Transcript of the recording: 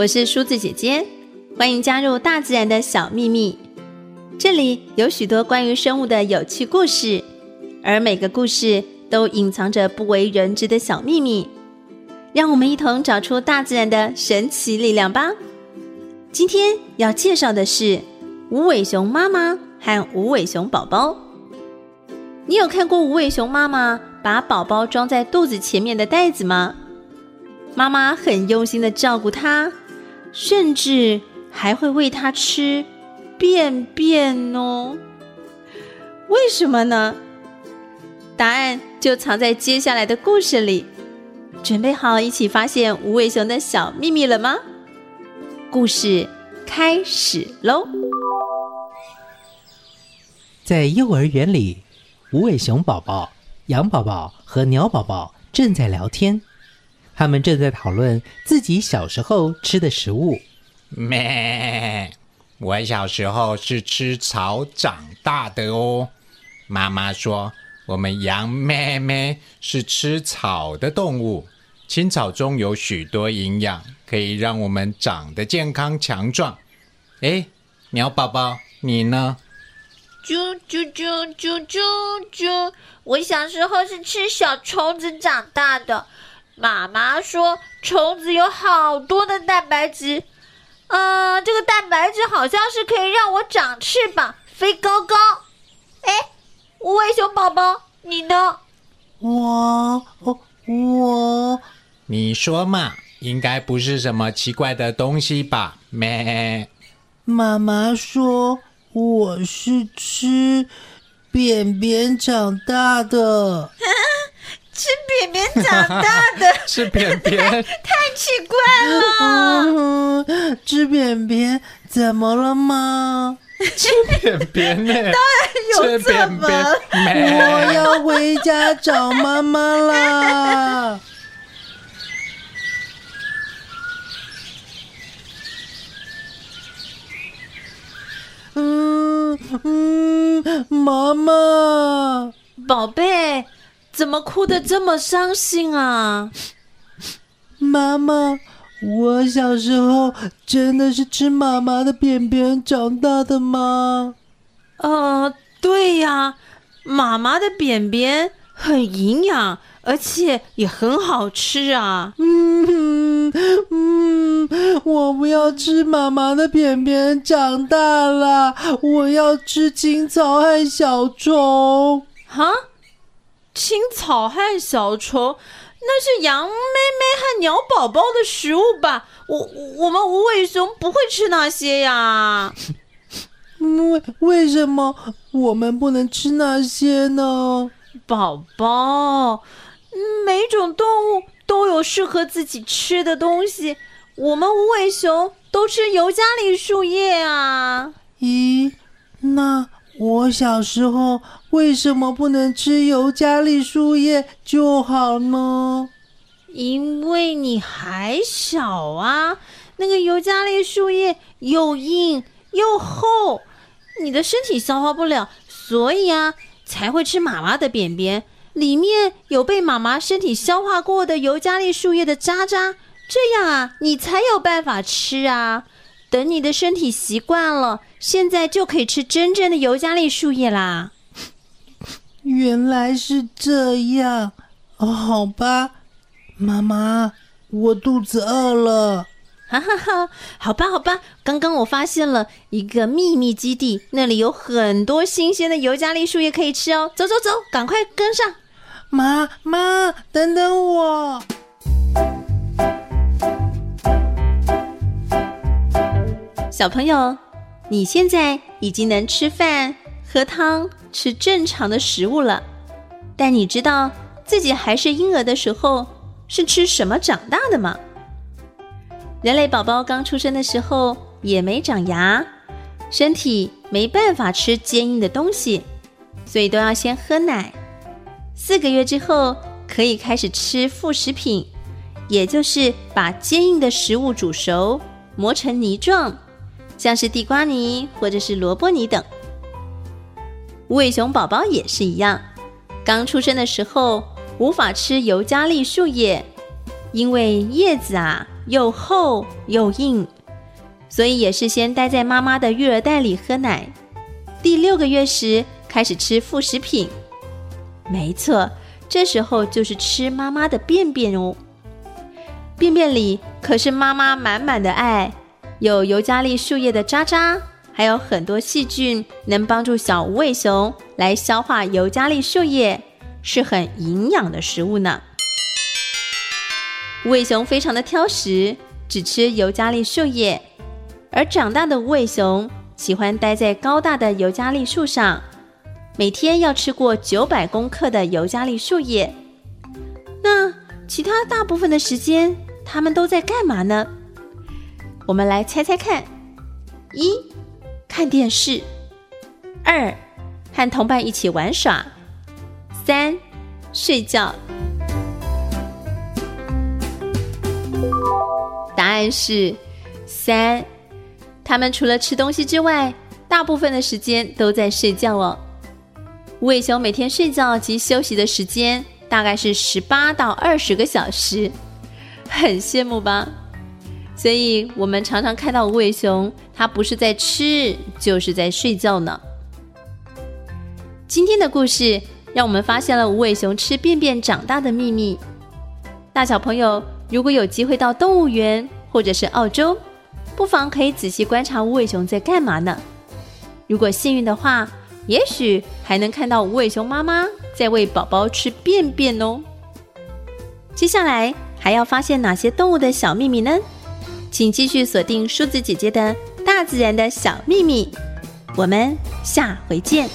我是梳子姐姐，歡迎加入大自然的小祕密。這裡有許多關於生物的有趣故事，而每個故事都隱藏着不為人知的小祕密。讓我們一同找出大自然的神奇力量吧。今天要介紹的是無尾熊媽媽和無尾熊寶寶。你有看過無尾熊媽媽把寶寶裝在肚子前面的袋子嗎？媽媽很用心的照顧它。甚至還會餵它吃便便哦，為什麼呢？答案就藏在接下來的故事裡。準備好一起發現無尾熊的小秘密了嗎？故事開始嘍！在幼兒園裡，無尾熊寶寶、羊寶寶和鳥寶寶正在聊天。他們正在討論自己小時候吃的食物。咩，我小時候是吃草長大的哦。媽媽說，我們羊咩咩是吃草的動物，青草中有許多營養，可以讓我們長得健康強壯。欸，鳥寶寶，你呢？啾啾啾啾啾啾，我小時候是吃小蟲子長大的。媽媽說：“蟲子有好多的蛋白質，啊、呃，這個蛋白質好像是可以讓我長翅膀，飛高高。誒”哎，無尾熊寶寶，你呢？我我，我我你說嘛，應該不是什麼奇怪的東西吧？咩，媽媽說我是吃便便長大的。吃便便長大的， 吃便便扁太，太奇怪了。 嗯嗯、吃便便怎麼了嗎？吃便便呢？ 當然有這麼扁扁，我要回家找媽媽啦。 嗯嗯，媽媽，寶貝。怎麼哭得這麼傷心啊？媽媽，我小時候真的是吃媽媽的便便長大的嗎？呃，對呀，媽媽的便便很營養，而且也很好吃啊。嗯嗯，我不要吃媽媽的便便長大了，我要吃青草和小蟲。哈？青草和小蟲，那是羊咩咩和鳥寶寶的食物吧？我，我們無尾熊不會吃那些呀。 為，為什麼我們不能吃那些呢？寶寶，每種動物都有適合自己吃的東西。我們無尾熊都吃尤加利樹葉啊。咦，那。我小時候為什麼不能吃尤加利樹葉就好呢？因為你還小啊，那個尤加利樹葉又硬又厚，你的身體消化不了，所以啊，才會吃媽媽的便便，裡面有被媽媽身體消化過的尤加利樹葉的渣渣，這樣啊，你才有辦法吃啊。等你的身體習慣了，現在就可以吃真正的尤加利樹葉啦。原來是這樣，哦，好吧，媽媽，我肚子餓了。哈哈哈，好吧，好吧，剛剛我發現了一個祕密基地，那裡有很多新鮮的尤加利樹葉可以吃哦。走走走，趕快跟上。媽媽，等等我。小朋友，你現在已經能吃飯、喝湯、吃正常的食物了，但你知道自己還是嬰兒的時候是吃什麼長大的嗎？人類寶寶剛出生的時候也沒長牙，身體沒辦法吃堅硬的東西，所以都要先喝奶。四個月之後可以開始吃副食品，也就是把堅硬的食物煮熟、磨成泥狀。像是地瓜泥或者是蘿蔔泥等，無尾熊寶寶也是一樣。剛出生的時候無法吃尤加利樹葉，因為葉子啊又厚又硬，所以也是先待在媽媽的育兒袋裡喝奶。第六個月時開始吃副食品，沒錯，這時候就是吃媽媽的便便哦。便便裡可是媽媽滿滿的愛。有尤加利樹葉的渣渣，還有很多細菌，能幫助小無尾熊來消化尤加利樹葉，是很營養的食物呢。無尾熊非常的挑食，只吃尤加利樹葉，而長大的無尾熊喜歡待在高大的尤加利樹上，每天要吃過九百公克的尤加利樹葉。那其他大部分的時間，它們都在幹嘛呢？我們來猜猜看：一，看電視，二，和同伴一起玩耍，三，睡覺。答案是三。他們除了吃東西之外，大部分的時間都在睡覺哦。無尾熊每天睡覺及休息的時間大概是十八到二十個小時，很羨慕吧？所以，我們常常看到無尾熊，它不是在吃，就是在睡覺呢。今天的故事讓我們發現了無尾熊吃便便長大的祕密。大小朋友，如果有機會到動物園或者是澳洲，不妨可以仔細觀察無尾熊在幹嘛呢？如果幸運的話，也許還能看到無尾熊媽媽在餵寶寶吃便便哦。接下來還要發現哪些動物的小祕密呢？請繼續鎖定梳子姐姐的《大自然的小祕密》，我們下回見。